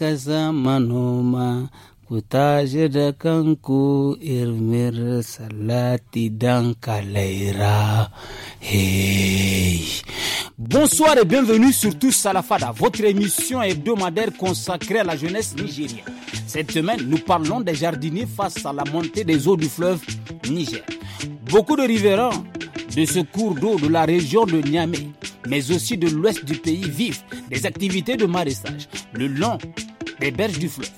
ka manoma noma ku kanku irmir salati dan kalaira hey Bonsoir et bienvenue sur Tous Salafada, votre émission hebdomadaire consacrée à la jeunesse nigérienne. Cette semaine, nous parlons des jardiniers face à la montée des eaux du fleuve Niger. Beaucoup de riverains de ce cours d'eau de la région de Niamey, mais aussi de l'ouest du pays, vivent des activités de maraissage le long des berges du fleuve.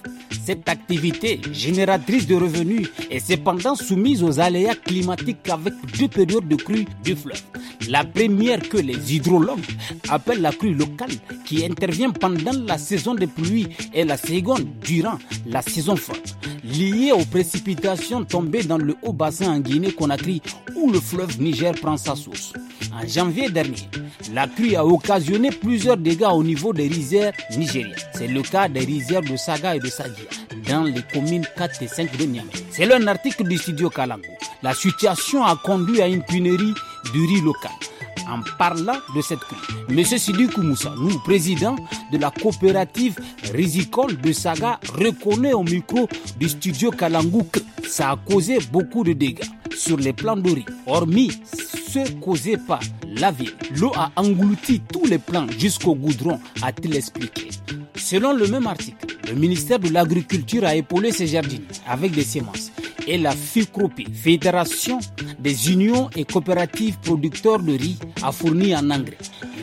Cette activité génératrice de revenus est cependant soumise aux aléas climatiques avec deux périodes de crue du fleuve. La première que les hydrologues appellent la crue locale qui intervient pendant la saison des pluies et la seconde durant la saison forte, liée aux précipitations tombées dans le haut bassin en Guinée-Conakry où le fleuve Niger prend sa source en janvier dernier. La pluie a occasionné plusieurs dégâts au niveau des rizières nigériennes. C'est le cas des rizières de Saga et de Sadia dans les communes 4 et 5 de Niamey. C'est un article du studio Kalangou. la situation a conduit à une punerie du riz local en parlant de cette pluie. M. Sidi Koumoussa, nous, président de la coopérative Rizicole de Saga, reconnaît au micro du studio Kalangou que ça a causé beaucoup de dégâts sur les plans de riz, hormis se par la ville. L'eau a englouti tous les plants jusqu'au goudron, a-t-il expliqué. Selon le même article, le ministère de l'Agriculture a épaulé ses jardins avec des semences et la FICROPI, Fédération des unions et coopératives producteurs de riz, a fourni en engrais.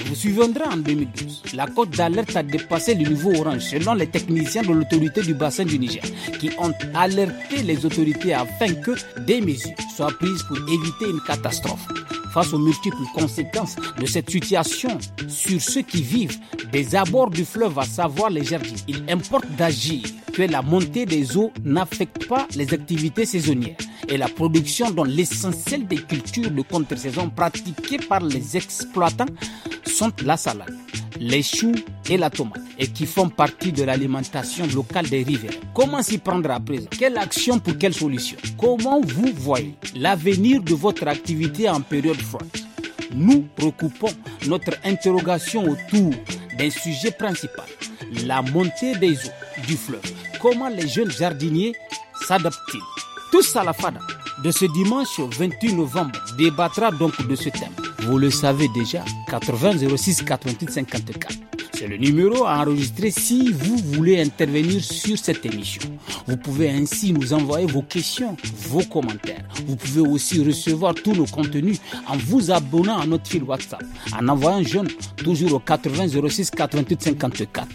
vous souviendrez en 2012. La cote d'alerte a dépassé le niveau orange selon les techniciens de l'autorité du bassin du Niger qui ont alerté les autorités afin que des mesures soient prises pour éviter une catastrophe face aux multiples conséquences de cette situation sur ceux qui vivent des abords du fleuve, à savoir les jardins. Il importe d'agir que la montée des eaux n'affecte pas les activités saisonnières et la production dont l'essentiel des cultures de contre-saison pratiquées par les exploitants sont la salade les choux et la tomate et qui font partie de l'alimentation locale des rivières. Comment s'y prendre à présent Quelle action pour quelle solution Comment vous voyez l'avenir de votre activité en période froide Nous recoupons notre interrogation autour d'un sujet principal, la montée des eaux du fleuve. Comment les jeunes jardiniers s'adaptent-ils Tous à la fada de ce dimanche 28 novembre débattra donc de ce thème. Vous le savez déjà, 80 06 88 54. C'est le numéro à enregistrer si vous voulez intervenir sur cette émission. Vous pouvez ainsi nous envoyer vos questions, vos commentaires. Vous pouvez aussi recevoir tous nos contenus en vous abonnant à notre fil WhatsApp, en envoyant jeune toujours au 80 06 88 54.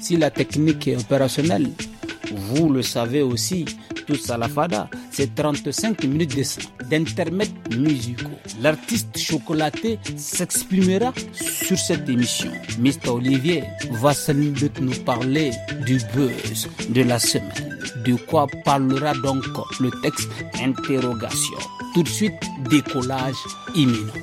Si la technique est opérationnelle, vous le savez aussi, tous à la fada, c'est 35 minutes d'intermède musicaux. L'artiste chocolaté s'exprimera sur cette émission. Mr. Olivier va sans nous parler du buzz de la semaine. De quoi parlera donc le texte Interrogation. Tout de suite, décollage imminent.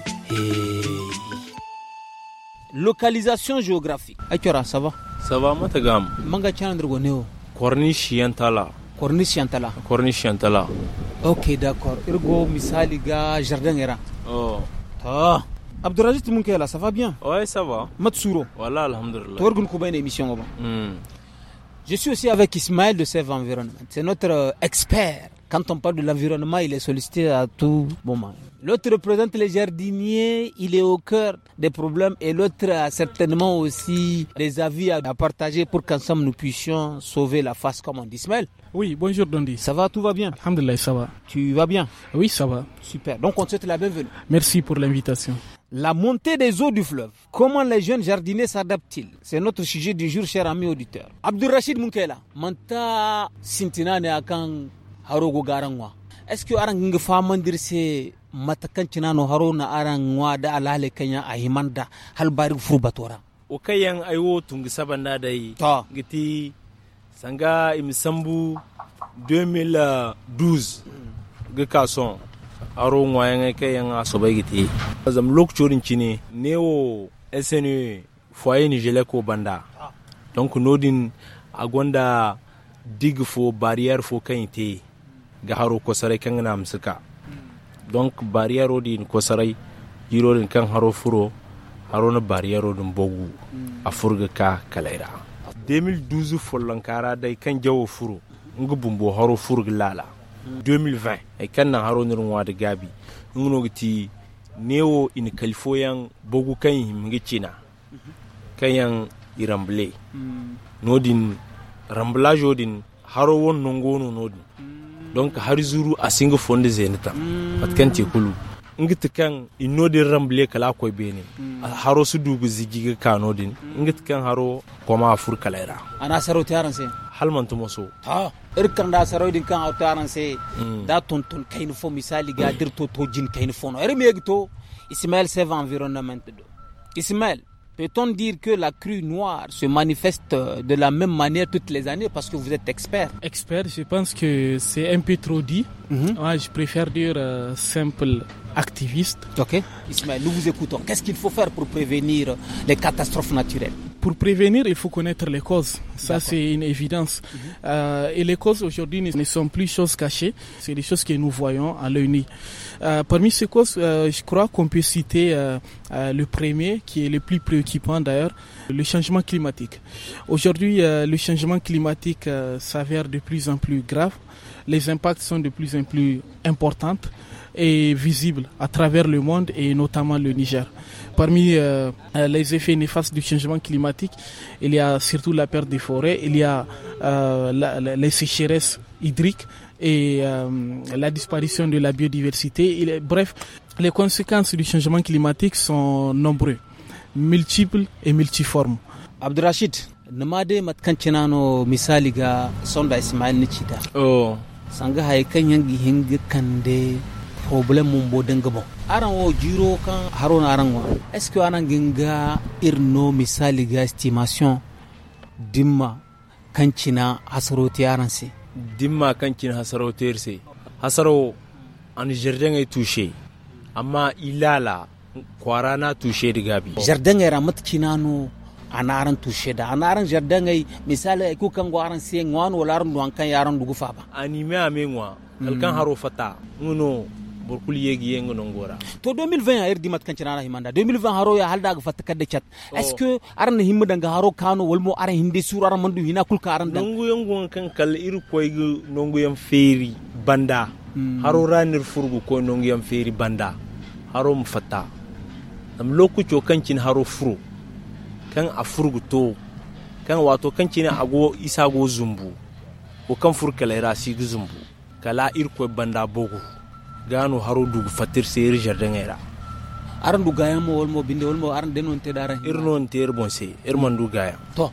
Localisation géographique. vois ça va Ça va, Matagam. Manga Neo. Corniche Yantala corniche Kornishiantala. corniche ok d'accord irgo misali ga jardin era oh ah abdourajit ça va bien ouais ça va matsuro voilà alhamdulillah émission hmm. je suis aussi avec Ismaël de Save Environnement c'est notre euh, expert quand on parle de l'environnement, il est sollicité à tout moment. L'autre représente les jardiniers, il est au cœur des problèmes et l'autre a certainement aussi des avis à partager pour qu'ensemble nous puissions sauver la face, comme on dit. Oui, bonjour Dondi. Ça va, tout va bien Alhamdulillah, ça va. Tu vas bien Oui, ça va. Super, donc on te souhaite la bienvenue. Merci pour l'invitation. La montée des eaux du fleuve, comment les jeunes jardiniers s'adaptent-ils C'est notre sujet du jour, cher ami auditeur. Rachid Moukela, Manta Sintinane Akan haro go garanwa eske aran ngi famandir se matakan no haro na aran wa da alale kanya a himanda hal bari furbatora o kayan aiwo tungi sabanda dai giti sanga imsambu 2012 ga kason aro ngwayen kayan bai giti zam chorin cine newo SNU foye nigele ko banda donc nodin agonda dig fo barrière fo kayite ga haro kosarai kan na musika donc barrière din kosarai yirodin kan haro furo haro na barrière din bogu a furga ka kalaira 2012 follon kara dai kan jawo furo ngu bumbu haro furga lala 2020 ay kan na haro nirin wada gabi ngno ti newo in kalfo yan bogu kan himngi cina kan yan irambule mm. nodin ramblage din haro won nongono nodin donc har zuru a singa fonde zenita patkan mm. te kulu ngit kan ramble kala bene mm. haro su dugu zigi ga kano din mm. haro fur kalaira saro halman ha irkan da saro din kan taran se da ton ton kain fo misali ga dirto to jin kain fo no er megto ismail save environnement do ismail Peut-on dire que la crue noire se manifeste euh, de la même manière toutes les années parce que vous êtes expert Expert, je pense que c'est un peu trop dit. Mhm. Moi, je préfère dire euh, simple activiste. Ok. Ismaël, nous vous écoutons. Qu'est-ce qu'il faut faire pour prévenir les catastrophes naturelles pour prévenir, il faut connaître les causes. Ça, c'est une évidence. Mhm. Euh, et les causes aujourd'hui ne sont plus choses cachées. C'est des choses que nous voyons à l'œil nu. Euh, parmi ces causes, euh, je crois qu'on peut citer le premier, qui est le plus préoccupant d'ailleurs, le changement climatique. Aujourd'hui, le changement climatique s'avère de plus en plus grave. Les impacts sont de plus en plus importants est visible à travers le monde et notamment le Niger. Parmi euh, euh, les effets néfastes du changement climatique, il y a surtout la perte des forêts, il y a euh, les sécheresses hydriques et la disparition de la biodiversité. bref, les conséquences du changement climatique sont nombreuses, multiples et multiformes. Abdurrashid, sonda Ismail Oh. Sanga problème mum bo bon aran wo jiro kan harona aran wa est ce que anan ginga irno misali ga estimation dimma kancina hasaroti aran se dimma kancina hasarotir er se hasaro an jardin ay tushe amma ilala kwara na tushe da gabi jardin ay ramat kinano a naran tushe da a naran jardin ay misali ya kukan gwaran siyan wala walarin duwan kan yaran dugufa ba a nime a kalkan haro fata nuno borkul yegi yengo nongora to 2020 er dimat kancana himanda 2020 haro ya halda ga fatta kadde chat est ce que arna haro kano wolmo ara hinde sur ara mandu hina kul karan kan kal ir koygu nongu yam feri banda hmm. haro ranir furgu ko yam feri banda haro kancin haro kan a furgu to kan wato kancin ago isago zumbu ko kan furkala ra sigi zumbu kala ir koy banda bogu fatir mo irnon te er to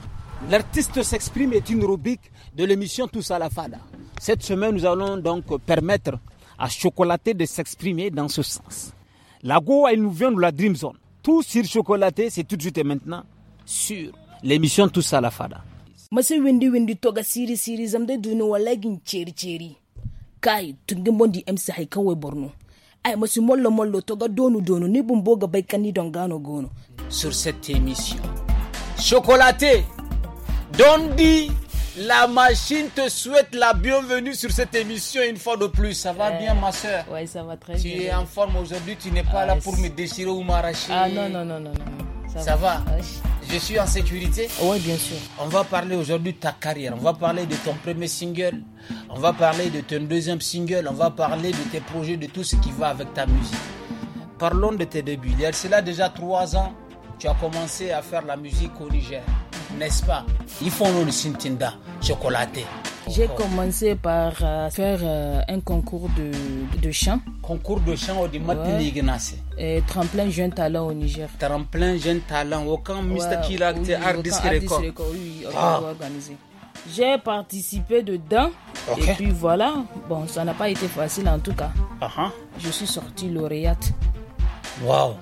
l'artiste s'exprime est une rubrique de l'émission Tous à la Fada cette semaine nous allons donc permettre à Chocolaté de s'exprimer dans ce sens la Goa elle nous vient de la Dream Zone tout sur Chocolaté c'est tout de suite et maintenant sur l'émission Tous à la Fada Monsieur windi windi toga siri siri zamde dunu walagin cheri cheri sur cette émission chocolaté Dondi la machine te souhaite la bienvenue sur cette émission une fois de plus. Ça va bien, ma soeur Oui, ça va très bien. Tu es en forme aujourd'hui, tu n'es pas là ah, pour me déchirer ou m'arracher. Ah non, non, non, non, non. Ça, va, Je suis en sécurité Oui, bien sûr. On va parler aujourd'hui de ta carrière. On va parler de ton premier single. On va parler de ton deuxième single. On va parler de tes projets, de tout ce qui va avec ta musique. Parlons de tes débuts. Il y a cela déjà trois ans, tu as commencé à faire la musique au Niger. N'est-ce pas Ils font le Sintinda, chocolaté. J'ai commencé par euh, faire euh, un concours de, chant. Concours de chant au Dimat ouais. Eh, tremplin jeune talent au Niger. Tremplin jeune talent, camp Mr. Wow, oui, Art Record. Record. Ah. J'ai participé dedans. Et puis voilà, bon, ça n'a pas été facile en tout cas. Uh-huh. Je suis sortie lauréate. Wow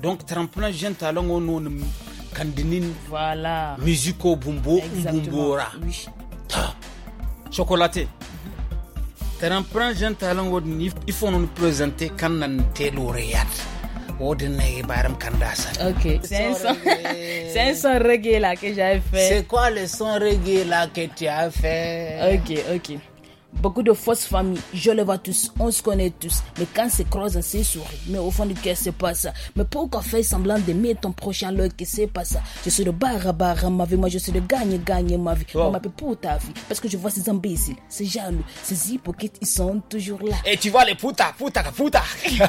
Donc, tremplin jeune talent au nom de Kandinin. Voilà. Musico Bumbo Exactement. Chocolaté karan pranjan talan wadin ifo non presente kan nan te laureate oh, Au na baram kan dasa ok c'est un son c'est un son reggae là que j'avais fait c'est quoi le son reggae là que tu as fait ok ok Beaucoup de fausses familles, je les vois tous, on se connaît tous, mais quand c'est croise, c'est sourire Mais au fond du cœur, c'est pas ça. Mais pourquoi faire semblant d'aimer ton prochain l'œil que c'est pas ça Je suis de bar à ma vie, moi je suis de gagne, gagne ma vie. On m'appelle pour ta vie, parce que je vois ces imbéciles, ces jaloux, ces hypocrites, ils sont toujours là. Et tu vois les putas, putas, putas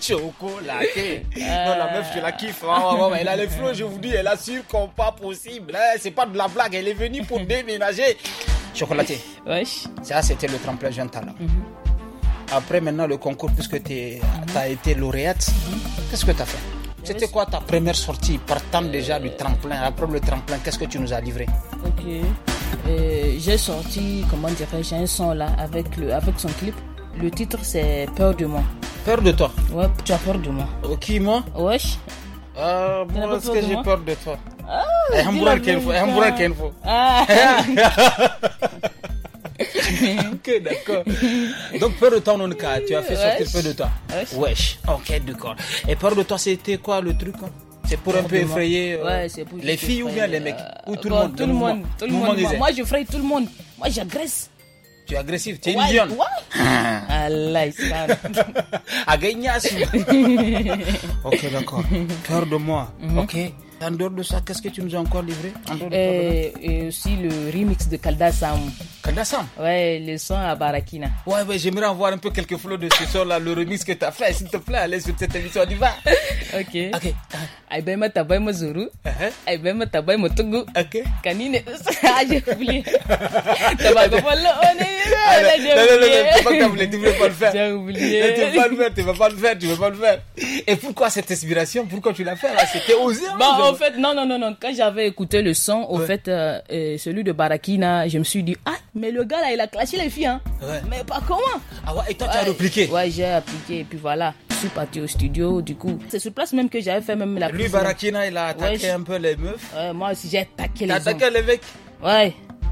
chocolaté. Non, la meuf, je la kiffe. Hein. Elle a les flots, je vous dis, elle assure qu'on pas possible. Eh, c'est pas de la blague, elle est venue pour déménager. Chocolaté. Ça, c'était le tremplin Jeune Talent. Mhm. Après, maintenant, le concours, puisque tu mhm. as été lauréate, mhm. qu'est-ce que tu as fait C'était quoi ta première sortie, partant déjà du tremplin Après le tremplin, qu'est-ce que tu nous as livré Ok. Euh, j'ai sorti, comment dire? J'ai un son là avec, le, avec son clip. Le titre c'est Peur de moi. Peur de toi Ouais, tu as peur de moi. Ok, moi Wesh. Ah, que j'ai peur de toi Ah, un hein. Ah. ok, d'accord. Donc, peur de temps, non cas. Tu as fait sortir peur de toi. Wesh. Ok, d'accord. Et peur de toi, c'était quoi le truc hein? C'est pour un peu effrayer euh, ouais, pour les filles ou bien les mecs euh, Ou tout le monde Tout le monde. Tout le monde. Moi, je fraye tout le monde. Moi, j'agresse. Tu es agressif, tu es une lionne. Allah, Agagnas. Ok, d'accord. Peur de moi. Mhm. Ok. En dehors de ça, qu'est-ce que tu nous as encore livré en et, et, euh, euh, aussi le remix de Kaldasam. Kaldasam Ouais, le son à Barakina. Ouais, ouais, j'aimerais en voir un peu quelques flots de ce son-là, le remix que tu as fait, s'il te plaît, allez sur cette émission, on y va. ok. Ok. Aïbema Tabai Mazuru. Uh-huh. Aïbema Tabai Motogu. Ok. Kanine. Ah, j'ai oublié. Tabago Polo, on est. Non, non, non, tu vas pas non, tu veux pas le faire. J'ai oublié. Tu veux pas le faire, tu veux pas le faire, tu veux pas le faire. Et pourquoi cette inspiration Pourquoi tu l'as fait là C'était osé. Bon, hein, bah, en fait, non, non, non, non. Quand j'avais écouté le son, au fait, euh, euh, celui de Barakina, je me suis dit, ah, mais le gars là, il a clashé les filles, hein. Ouais. Mais pas comment Ah ouais, et toi, tu as répliqué Ouais, j'ai appliqué, et puis voilà. Je suis parti au studio, du coup. C'est sur place même que j'avais fait même la Lui, Barakina, il a attaqué un peu les meufs. moi aussi, j'ai attaqué les meufs. attaqué l'évêque. Ouais.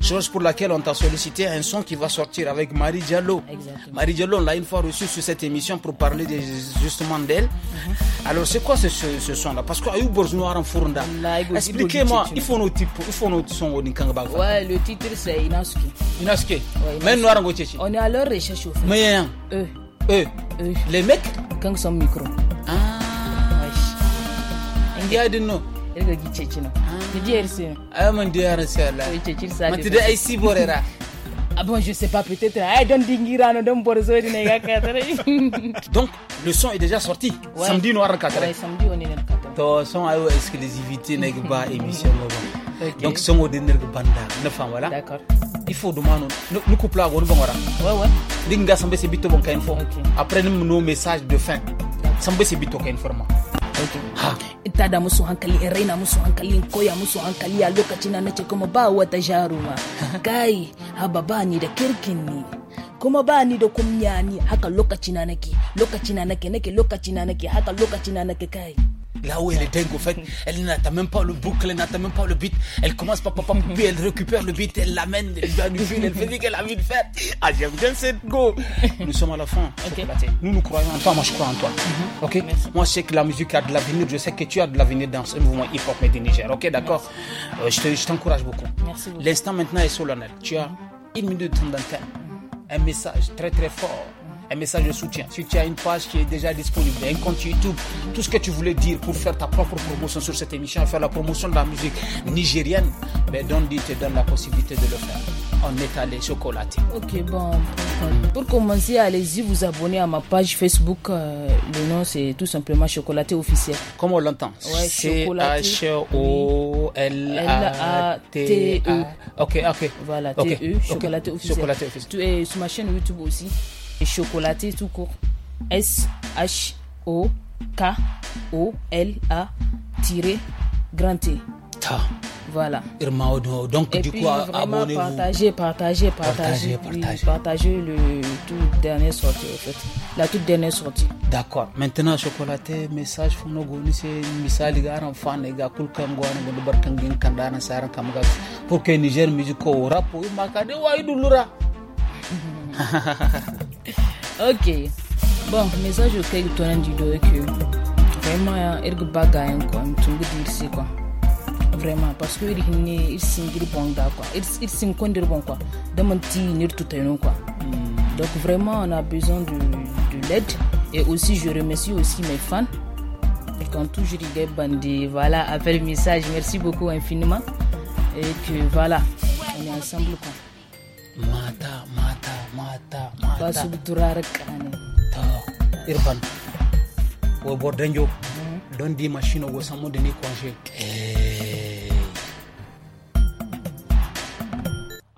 chose pour laquelle on t'a sollicité un son qui va sortir avec Marie Diallo. Marie Diallo, on l'a une fois reçue sur cette émission pour parler justement d'elle. Uh-huh. Alors, c'est quoi ce, ce, son-là Parce que Ayou Noir en Fournda. Expliquez-moi, il faut nos types, il faut nos sons au Nikangabaga. Ouais, le titre c'est Inaski. Inaski Mais Noir en On est à leur recherche au Mais, eux. Eux. Les mecs Quand ils sont micro. Ah. Ouais. Il y a de nous. C'est dis RC. Ah, mon dieu, là. Oui, tu es ça. Mais tu es ici, Borera. Ah bon, je sais pas, peut-être. Hein. Donc, le son est déjà sorti. Ouais. Samedi, noir en Ouais, samedi, on est en 4 Ton son a une exclusivité, pas émission. Okay. Donc, son au dernier banda, 9 ans, voilà. D'accord. Il faut demander. Nous couple à Gorgon, voilà. Ouais, ouais. Dinga, sambe, c'est bito, bon, qu'il faut. Après, nous, nos messages de fin. Sambe, c'est bito, qu'il faut. in tada musu hankali in raina musu hankali in koya musu hankali a lokacin na nace kuma ba wata jaruma kai haba ba ni da kirkin ni kuma ba ni da kumya ni haka lokacin na nake lokacin na nake nake lokacin na nake haka lokacin na nake kai là où elle est dingue au fait, elle n'atteint même pas le boucle, elle n'atteint même pas le beat, elle commence par papa puis elle récupère le beat, elle l'amène, elle lui donne une elle fait dire qu'elle a envie de faire. Ah j'aime bien cette go. Nous sommes à la fin. Nous nous croyons en toi, moi je crois en toi. Mhm. Ok. Moi je sais que la musique a de l'avenir, je sais que tu as de l'avenir dans ce mouvement hip hop du Niger. Ok d'accord. Euh, je t'encourage beaucoup. Merci. L'instant maintenant est solennel. Tu as une minute de temps d'antenne, mhm. un message très très fort un message de soutien. Si tu as une page qui est déjà disponible, un compte YouTube, tout ce que tu voulais dire pour faire ta propre promotion sur cette émission, faire la promotion de la musique nigérienne, ben dit te donne la possibilité de le faire. en est allé Ok, bon. Pour commencer, allez-y vous abonner à ma page Facebook. Euh, le nom, c'est tout simplement Chocolaté Officiel. comment on l'entend. Ouais, h o l a t e ok, ok. Voilà, T-E, Chocolaté Officiel. Chocolaté Officiel. Tu es sur ma chaîne YouTube aussi chocolaté tout court. S-H-O-K-O-L-A-Grand T. Voilà. Donc, et du puis, coup, abonnez-vous. Partagez, partagez, partagez. Partagez, le toute dernière sortie, en fait. La toute dernière sortie. D'accord. Maintenant, chocolaté, message pour nous c'est fan, Pour que Niger au rap, ok. Bon, message auquel il tourne du dos que vraiment, il y a bagaille, quoi. me dis a quoi. Vraiment, parce que il y a il s'ingir bon gars, quoi. Il s'incondir bon, quoi. Demanti, il tout l'heure quoi. Hmm. Donc, vraiment, on a besoin de, de l'aide. Et aussi, je remercie aussi mes fans. Et quand toujours il est bandé, voilà, appel message, merci beaucoup infiniment. Et que voilà, on est ensemble, quoi. Mata. A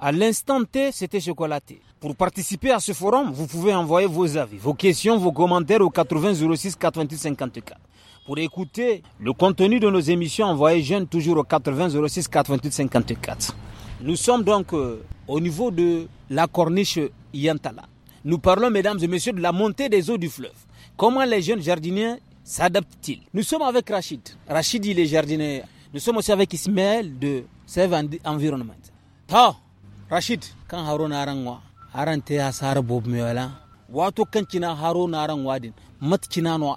À l'instant T, c'était chocolaté. Pour participer à ce forum, vous pouvez envoyer vos avis, vos questions, vos commentaires au 80 06 88 54. Pour écouter le contenu de nos émissions, envoyez jeunes toujours au 80 06 88 54. Nous sommes donc euh, au niveau de la corniche Yantala. Nous parlons, mesdames et messieurs, de la montée des eaux du fleuve. Comment les jeunes jardiniers s'adaptent-ils Nous sommes avec Rachid. Rachid, il est jardinier. Nous sommes aussi avec Ismaël de Save Environment. Ta, Rachid, quand Haroun Arangwa, Arante Asar Bob Miola, Wato Kankina Haroun Arangwadin, Matkinano no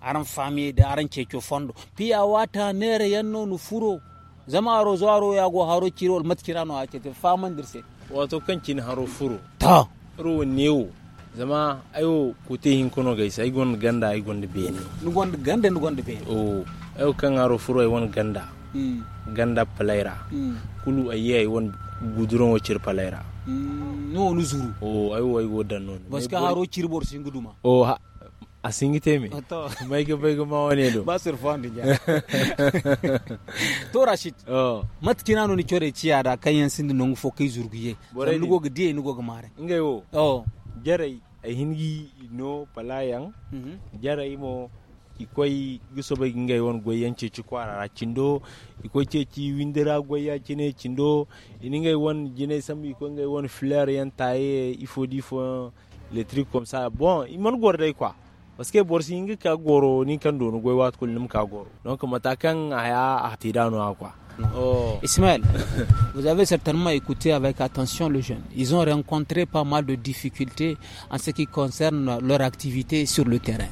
Aran Famille de Aran Checho Fondo, Pia Wata Nere Yanno Nufuro. zama aro zuwaro ya go haro kiro mat no ake te faman dirse wato kankin haro furo ta ro newo zama ayo kute hin kono gaisa ay gon ganda ay gon beni ni gon ganda ni gon beni o ayo kan haro furo ay won ganda hmm. ganda palaira hmm. kulu ayi ay won guduron wo cir palaira no hmm, nu zuru o ayo ay go dannon parce ka haro cirbor guduma o a singiteme oh, maike baygo mawane ɗo basir fandi ja to rashid oh. matkinano ni core ciyaɗa kayen sindi nongu fo kay zurguye nugoga die nugoga mare ngay wo o jaray a hingi no palayan mhm. jaray mo ikoy gisobe ngay won goyen ceci kwarara cindo ikoy ceci windira goya cine cindo ini ngay won jine sam ikoy ngay won fleur yan taye il faut di fo les trucs comme ça bon il mon gorday quoi Ismaël, vous avez certainement écouté avec attention le jeune. Ils ont rencontré pas mal de difficultés en ce qui concerne leur activité sur le terrain.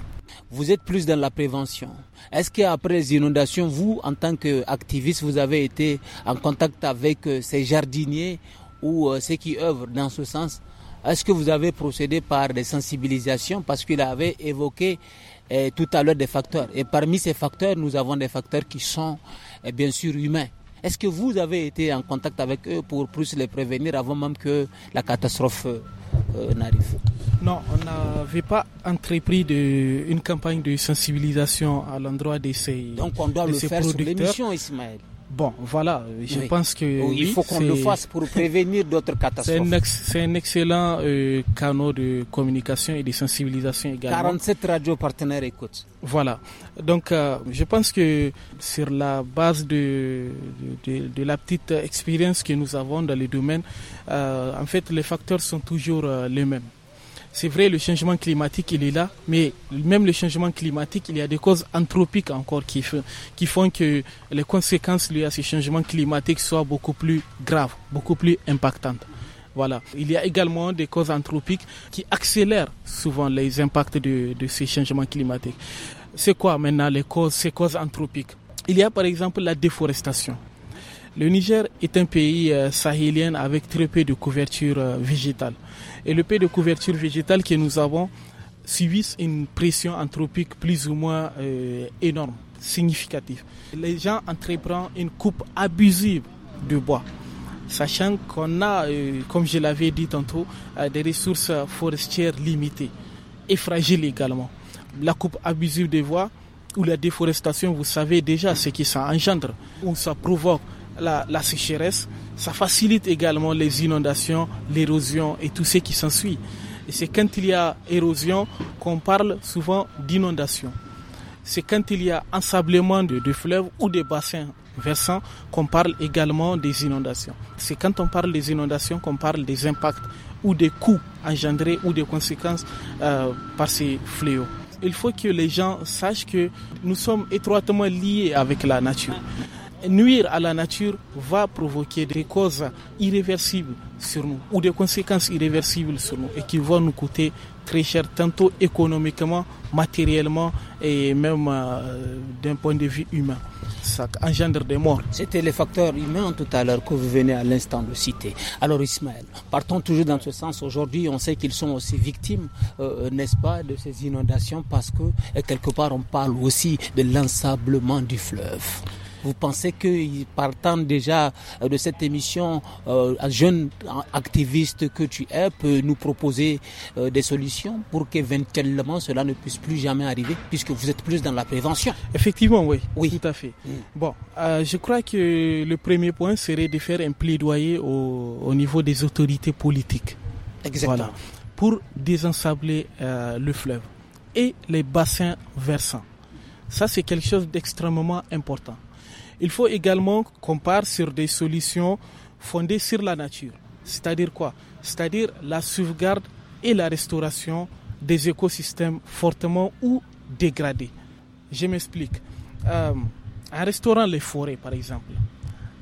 Vous êtes plus dans la prévention. Est-ce qu'après les inondations, vous, en tant qu'activiste, vous avez été en contact avec euh, ces jardiniers ou euh, ceux qui œuvrent dans ce sens est-ce que vous avez procédé par des sensibilisations parce qu'il avait évoqué eh, tout à l'heure des facteurs et parmi ces facteurs, nous avons des facteurs qui sont eh, bien sûr humains. Est-ce que vous avez été en contact avec eux pour plus les prévenir avant même que la catastrophe euh, n'arrive Non, on n'avait pas entrepris une campagne de sensibilisation à l'endroit de ces Donc on doit le faire sur l'émission, Ismaël. Bon, voilà, je pense que... il faut qu'on le fasse pour prévenir d'autres catastrophes. C'est un, excellent euh, canot de communication et de sensibilisation également. 47 radios partenaires écoutent. Voilà, donc euh, je pense que sur la base de, de, la petite expérience que nous avons dans le domaine, euh, en fait les facteurs sont toujours les mêmes. C'est vrai, le changement climatique, il est là, mais même le changement climatique, il y a des causes anthropiques encore qui, qui font que les conséquences liées à ce changement climatique soient beaucoup plus graves, beaucoup plus impactantes. Voilà. Il y a également des causes anthropiques qui accélèrent souvent les impacts de, de ces changements climatiques. C'est quoi maintenant les causes, ces causes anthropiques Il y a par exemple la déforestation. Le Niger est un pays euh, sahélien avec très peu de couverture euh, végétale. Et le peu de couverture végétale que nous avons subit une pression anthropique plus ou moins euh, énorme, significative. Les gens entreprennent une coupe abusive de bois, sachant qu'on a, comme je l'avais dit tantôt, des ressources forestières limitées et fragiles également. La coupe abusive des bois ou la déforestation, vous savez déjà ce qui ça engendre, On ça provoque la, sécheresse, ça facilite également les inondations, l'érosion et tout ce qui s'ensuit. Et c'est quand il y a érosion qu'on parle souvent d'inondation. C'est quand il y a ensablement de, de fleuves ou de bassins versants qu'on parle également des inondations. C'est quand on parle des inondations qu'on parle des impacts ou des coûts engendrés ou des conséquences euh, par ces fléaux. Il faut que les gens sachent que nous sommes étroitement liés avec la nature nuire à la nature va provoquer des causes irréversibles sur nous ou des conséquences irréversibles sur nous et qui vont nous coûter très cher tantôt économiquement, matériellement et même euh, d'un point de vue humain. Ça engendre des morts. C'était les facteurs humains hein, tout à l'heure que vous venez à l'instant de citer. Alors Ismaël, partons toujours dans ce sens. Aujourd'hui, on sait qu'ils sont aussi victimes, euh, euh, n'est-ce pas, de ces inondations parce que quelque part on parle aussi de l'ensablement du fleuve. Vous pensez que partant déjà euh, de cette émission, euh, un jeune activiste que tu es peut nous proposer euh, des solutions pour qu'éventuellement cela ne puisse plus jamais arriver, puisque vous êtes plus dans la prévention Effectivement, oui. Oui. Tout à fait. Mm. Bon, je crois que le premier point serait de faire un plaidoyer au, niveau des autorités politiques. Exactement. Pour désensabler le fleuve et les bassins versants. Ça, c'est quelque chose d'extrêmement important. Il faut également qu'on parte sur des solutions fondées sur la nature. C'est-à-dire quoi C'est-à-dire la sauvegarde et la restauration des écosystèmes fortement ou dégradés. Je m'explique. Euh, en restaurant les forêts, par exemple,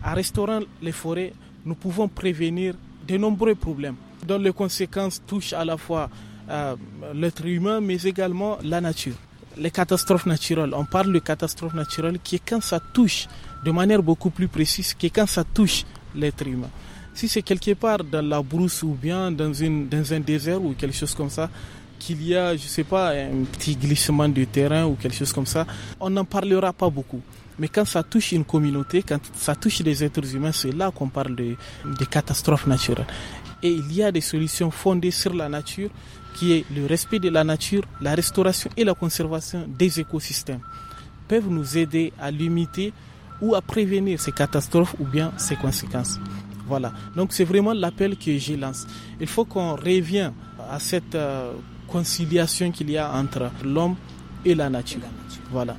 en restaurant les forêts, nous pouvons prévenir de nombreux problèmes dont les conséquences touchent à la fois euh, l'être humain, mais également la nature les catastrophes naturelles. On parle de catastrophes naturelles qui est quand ça touche de manière beaucoup plus précise, qui est quand ça touche l'être humain. Si c'est quelque part dans la brousse ou bien dans, une, dans un désert ou quelque chose comme ça, qu'il y a, je sais pas, un petit glissement de terrain ou quelque chose comme ça, on n'en parlera pas beaucoup. Mais quand ça touche une communauté, quand ça touche des êtres humains, c'est là qu'on parle de, de catastrophes naturelles. Et il y a des solutions fondées sur la nature, qui est le respect de la nature, la restauration et la conservation des écosystèmes, peuvent nous aider à limiter ou à prévenir ces catastrophes ou bien ces conséquences. Voilà, donc c'est vraiment l'appel que j'ai lance. Il faut qu'on revienne à cette euh, conciliation qu'il y a entre l'homme et la nature. Voilà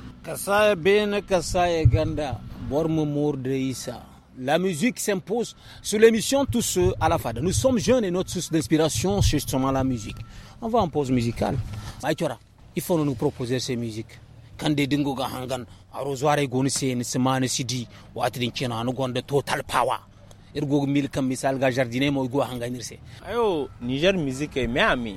la musique s'impose sur l'émission Tous ceux à la Fada. Nous sommes jeunes et notre source d'inspiration, c'est justement la musique. On va en pause musicale. Aïtura, il faut nous proposer ces musiques. Quand des dingo gahangan, arrosoir et gonissé, ne se mane sidi, ou atrinchena, nous gonde total power. Irgo mil comme misal ga jardine, moi go hanganirse. Ayo, Niger musique est mes amis.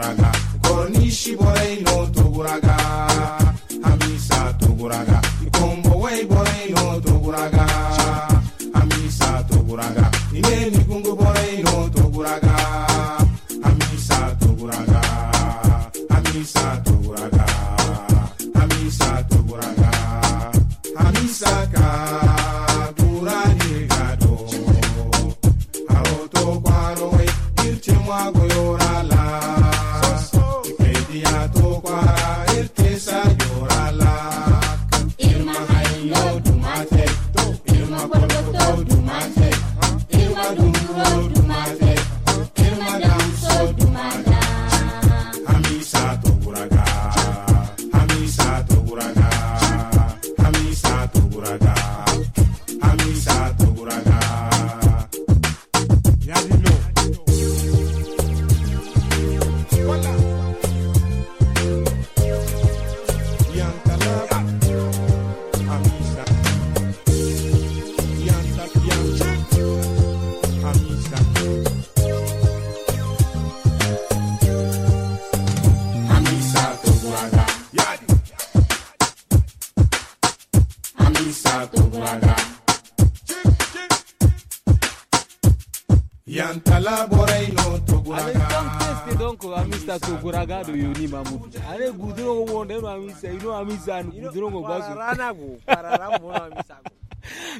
tuguraga koronishi boreino tuguraga hamisa tuguraga ikombo wei boreino amisa hamisa tuguraga imeni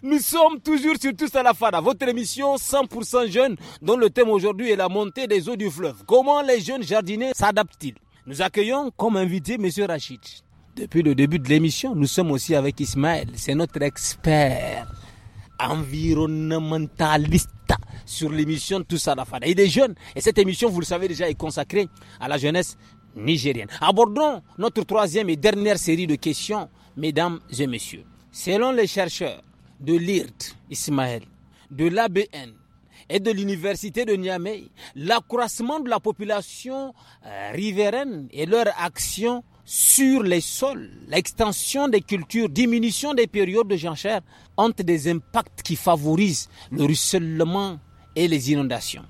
nous sommes toujours sur Tous à la Fada, votre émission 100% jeune dont le thème aujourd'hui est la montée des eaux du fleuve. Comment les jeunes jardiniers s'adaptent-ils Nous accueillons comme invité M. Rachid. Depuis le début de l'émission, nous sommes aussi avec Ismaël, c'est notre expert environnementaliste sur l'émission tout à la Fada. Il est jeune et cette émission, vous le savez déjà, est consacrée à la jeunesse nigérienne. Abordons notre troisième et dernière série de questions, mesdames et messieurs. Selon les chercheurs de l'IRT, Ismaël, de l'ABN et de l'université de Niamey, l'accroissement de la population euh, riveraine et leur action sur les sols, l'extension des cultures, diminution des périodes de jonchère ont des impacts qui favorisent le ruissellement et les inondations.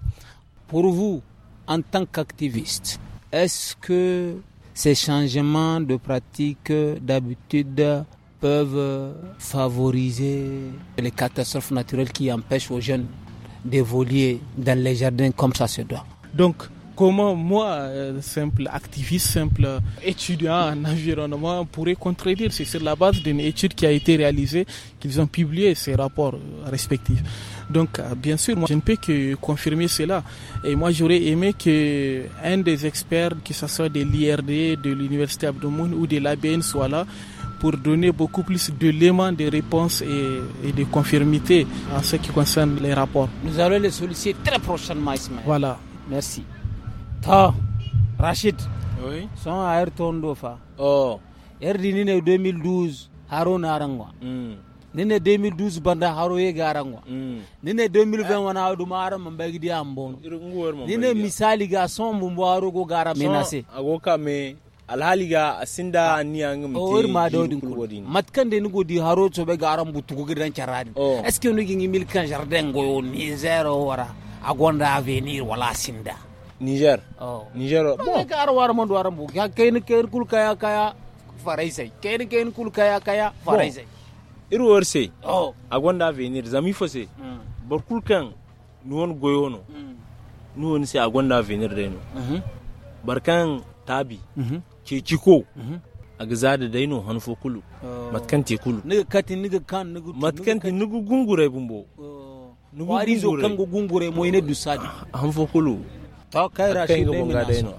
Pour vous, en tant qu'activiste, est-ce que ces changements de pratiques, d'habitudes peuvent favoriser les catastrophes naturelles qui empêchent aux jeunes d'évoluer dans les jardins comme ça se doit comment moi, euh, simple activiste, simple euh, étudiant en environnement, pourrait contredire C'est sur la base d'une étude qui a été réalisée qu'ils ont publié ces rapports euh, respectifs. Donc, bien sûr, moi, je ne peux que confirmer cela. Et moi, j'aurais aimé que un des experts, que ce soit de l'IRD, de l'Université Abdomoun ou de l'ABN, soit là pour donner beaucoup plus d'éléments de réponse et, de confirmité en ce qui concerne les rapports. Nous allons les solliciter très prochainement, Ismaël. Voilà. Merci. to rashid oui. son a yer ton do fa oh yer ne 2012 haro narangwa mm. nine 2012 banda haro ye mm. nine 2020 eh. wana mara ambon nine misali ga son go ago kame alhali ga asinda ah. ma do din ko de nugo di haro to be charani est ce que nugi ngi mil kan jardin go ni zero wara agonda avenir wala sinda niger oh. niger bon ka ar war mon war bu ya kayin kayin kul kaya kaya faraisai kayin kayin kul kaya kaya faraisai iru warse oh agonda venir zami fose hmm. bor kul kan nuwon goyono hmm. nuwon se agonda venir reno mhm. barkan tabi ke mhm. ciko mhm. a gaza da daino hanfo kulu oh. matkan te kulu niga katin niga kan niga matkan te niga gungure bumbo oh. niga gungure kan gungure moy dusadi ah, hanfo kulu to kaira shi dai mina so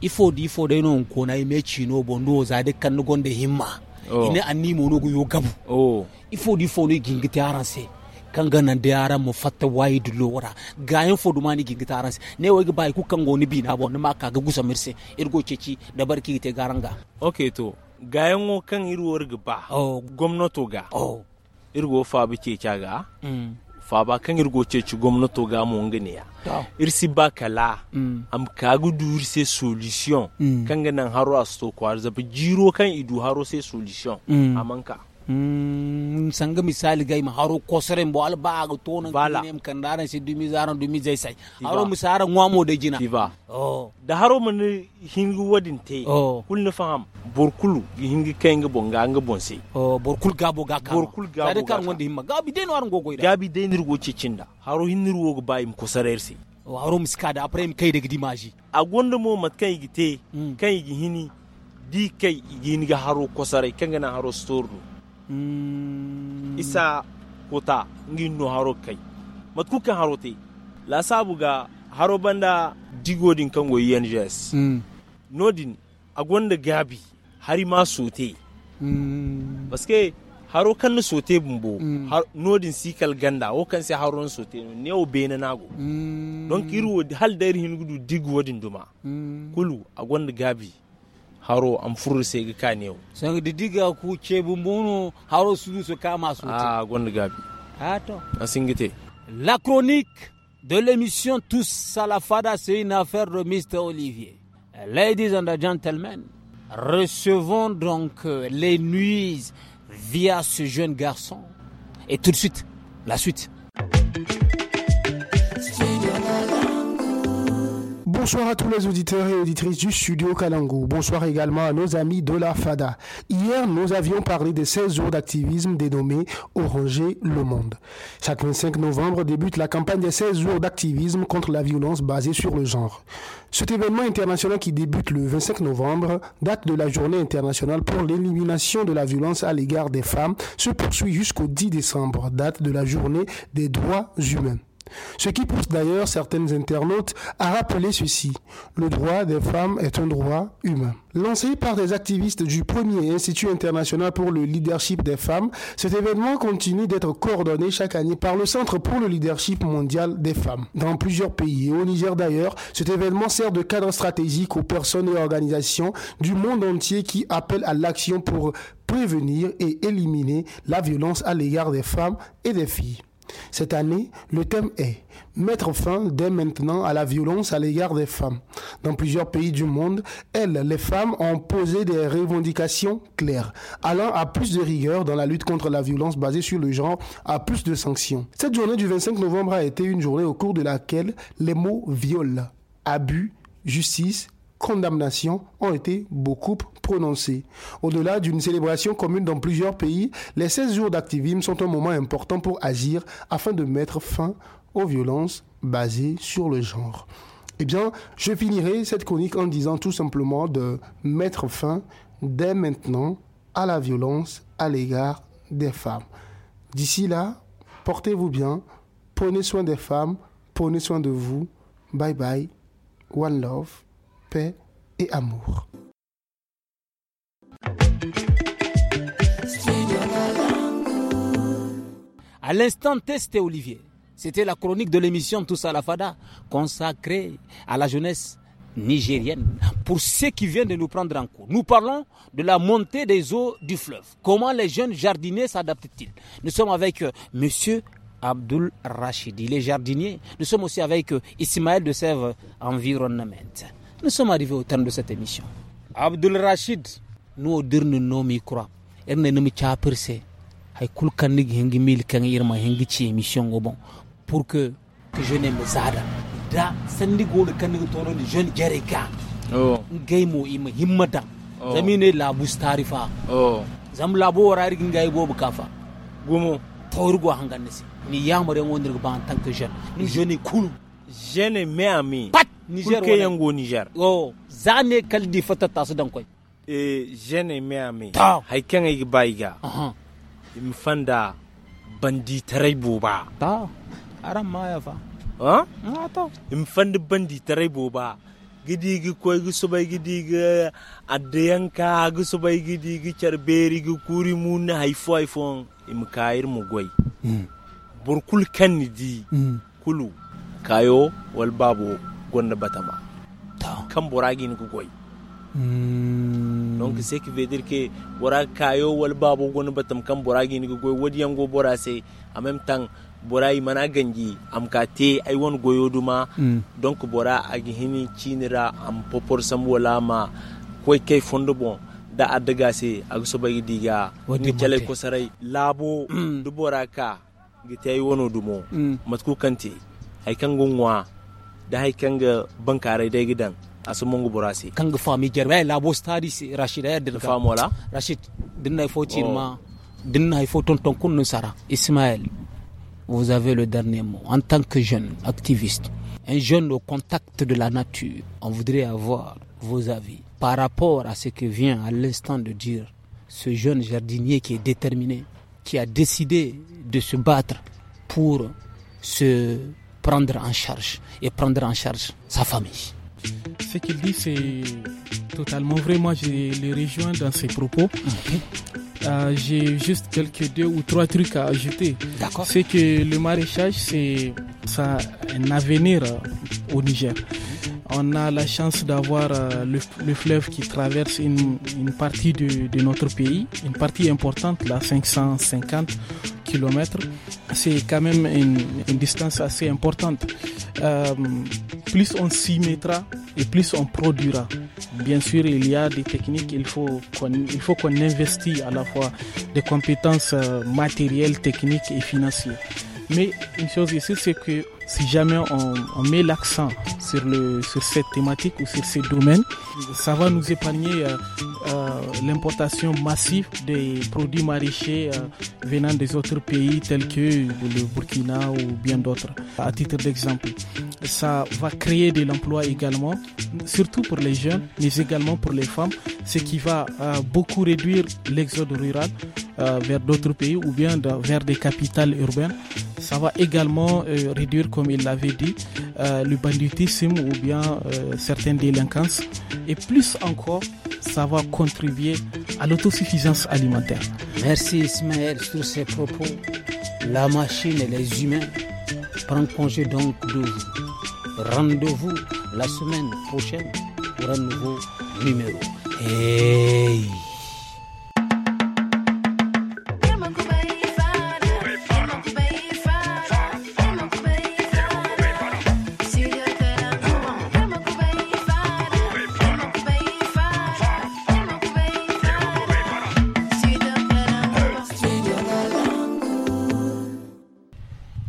ifo di ifo da non ko na ime bo ndo za de kan gon de himma oh. ine anni mo no yo gabu oh ifo di ifo ni gingiti aranse kan ganan da yara mu fatta wayi dulo wara fo fodu mani gingi taran ne wai ga bai ku kan goni bi na bon ma ka ga gusa mirse irgo ceci da barki te garanga okay to gayen yin kan irwor ga ba oh gwamnato ga oh irgo fa bi ce ga mm. faba kan irgoce ci gwamnato ga mu gani ya irsi ba kala mm. am ka gudu irse solution mm. kan ganan haro asto kwar zabi jiro kan idu haro sai solution mm. amanka Mm, sanga misali gay ma haro kosere mbo al baago tona voilà. nem kandana si dumi zaro dumi jaisai haro misara mo de jina Diva. oh da haro mun hingu wadin te oh kul ne faham borkulu hingi kenga bo nga bonse oh borkul gabo ga ka borkul gabo ga kan wonde himma gabi den war ngogo ida gabi den rugo cinda. haro hinru wogo bayim kosere ersi oh haro miska da im kay de gidimaji a gonda mo mat kan gite mm. kay gi hini di kay gi ni ga haro kosare kenga na haro stordu Mm. isa kota nginno haro kai matkukan haro te la sabu ga haro banda digodin kan goyi NGS mm. nodin a gwanda gabi hari ma sote baske mm. haro kan no sote bumbo nodin sikal ganda wo kan se haron sote no ne o bena nago don kiru hal dair hin gudu digodin duma kulu a gwanda gabi haro am furu segi ka new de diga ku cebu haro sudu so kama suti ah gonda gabi ah to asingite la chronique de l'émission Tous à la Fada, c'est une affaire de Mr. Olivier. Ladies and gentlemen, recevons donc euh, les nuises via ce jeune garçon. Et tout de suite, la suite. Bonsoir à tous les auditeurs et auditrices du studio kalango Bonsoir également à nos amis de la FADA. Hier, nous avions parlé des 16 jours d'activisme dénommés Oranger le Monde. Chaque 25 novembre débute la campagne des 16 jours d'activisme contre la violence basée sur le genre. Cet événement international qui débute le 25 novembre date de la journée internationale pour l'élimination de la violence à l'égard des femmes, se poursuit jusqu'au 10 décembre, date de la journée des droits humains. Ce qui pousse d'ailleurs certaines internautes à rappeler ceci. Le droit des femmes est un droit humain. Lancé par des activistes du premier Institut international pour le leadership des femmes, cet événement continue d'être coordonné chaque année par le Centre pour le leadership mondial des femmes. Dans plusieurs pays, et au Niger d'ailleurs, cet événement sert de cadre stratégique aux personnes et organisations du monde entier qui appellent à l'action pour prévenir et éliminer la violence à l'égard des femmes et des filles. Cette année, le thème est Mettre fin dès maintenant à la violence à l'égard des femmes. Dans plusieurs pays du monde, elles, les femmes, ont posé des revendications claires, allant à plus de rigueur dans la lutte contre la violence basée sur le genre, à plus de sanctions. Cette journée du 25 novembre a été une journée au cours de laquelle les mots viol, abus, justice, condamnations ont été beaucoup prononcées. Au-delà d'une célébration commune dans plusieurs pays, les 16 jours d'activisme sont un moment important pour agir afin de mettre fin aux violences basées sur le genre. Eh bien, je finirai cette chronique en disant tout simplement de mettre fin dès maintenant à la violence à l'égard des femmes. D'ici là, portez-vous bien, prenez soin des femmes, prenez soin de vous. Bye bye. One love paix et amour. À l'instant, testé Olivier. C'était la chronique de l'émission Tous à la Fada, consacrée à la jeunesse nigérienne. Pour ceux qui viennent de nous prendre en cours, nous parlons de la montée des eaux du fleuve. Comment les jeunes jardiniers s'adaptent-ils Nous sommes avec euh, Monsieur Abdul Rachidi, les jardiniers. Nous sommes aussi avec euh, Ismaël de Sèvres Environnement. Nous sommes arrivés au terme de cette émission. Abdul Rachid, nous au dirne nom y croit. Erne ne mi chaperse. Hay kul kanig hengi mil kan irma hengi ci émission au bon pour que que je n'aime zada. Da sandi go de kanig toro de jeune jerika. Oh. Ngay mo im himmata. Oh. Zamine la bustarifa. Oh. Zam la bo warari ngay bo kafa. Gumo hangane hanganesi. Ni yamare ngondir ban tant que jeune. Ni jeune cool. Jeune mes amis. Pat niger ke yango niger o zane kal di fata tasu dan koy e jene me ame hay ken ay e bayga mi fanda bandi tarai boba ta Aram ma ya fa ha na ta. mi fanda bandi tarai boba gidi gi koy gi subay gidi gi eh, adyanka gi subay gidi gi charberi gi kuri mun hay fo hay im kayir mu goy hmm. burkul kan di hmm. kulu kayo wal babu bata batama kan boragin ku kukwai hmm. donc c'est qui veut dire que bora kayo wal babu gonna batam kan boragin ku koy wodi yango bora sai en même temps bora yi mana gangi am ka te ai won goyo duma hmm. donc bora a gihini cinira am popor sam wala ma koy kai fondo bon da adaga se a so bai diga ni kyale ko sarai labo hmm. du bora ka yi wani dumo matuku matku kante ai kan gunwa da kanga bankare de gidan asu mungu borasi kanga fami jerwe la bo stadi rashid ya dir fam wala rashid dinay fo tirma oh. dinna fo ton ton kun sara ismaël vous avez le dernier mot en tant que jeune activiste un jeune au contact de la nature on voudrait avoir vos avis par rapport à ce que vient à l'instant de dire ce jeune jardinier qui est déterminé, qui a décidé de se battre pour ce prendre en charge et prendre en charge sa famille. Ce qu'il dit, c'est totalement vrai. Moi, je le rejoins dans ses propos. Mhm. Euh, j'ai juste quelques deux ou trois trucs à ajouter. C'est que le maraîchage, c'est un avenir euh, au Niger. On a la chance d'avoir euh, le, fleuve qui traverse une, partie de, de notre pays, une partie importante, la 550 c'est quand même une, distance assez importante. Euh, plus on s'y mettra et plus on produira. Bien sûr, il y a des techniques, il faut il faut qu'on investisse à la fois des compétences euh, matérielles, techniques et financières. Mais une chose ici, c'est que si jamais on, met l'accent sur, cette thématique ou sur ces domaines, ça va nous épargner euh, euh, l'importation massive des produits maraîchers euh, venant des autres pays tels que le Burkina ou bien d'autres, à titre d'exemple. Ça va créer de l'emploi également, surtout pour les jeunes, mais également pour les femmes, ce qui va beaucoup réduire l'exode rural vers d'autres pays ou bien vers des capitales urbaines ça va également euh, réduire, comme il l'avait dit, euh, le banditisme ou bien euh, certaines délinquances. Et plus encore, ça va contribuer à l'autosuffisance alimentaire. Merci Ismaël sur ces propos. La machine et les humains prennent congé donc de vous. Rendez-vous la semaine prochaine pour un nouveau numéro. Hey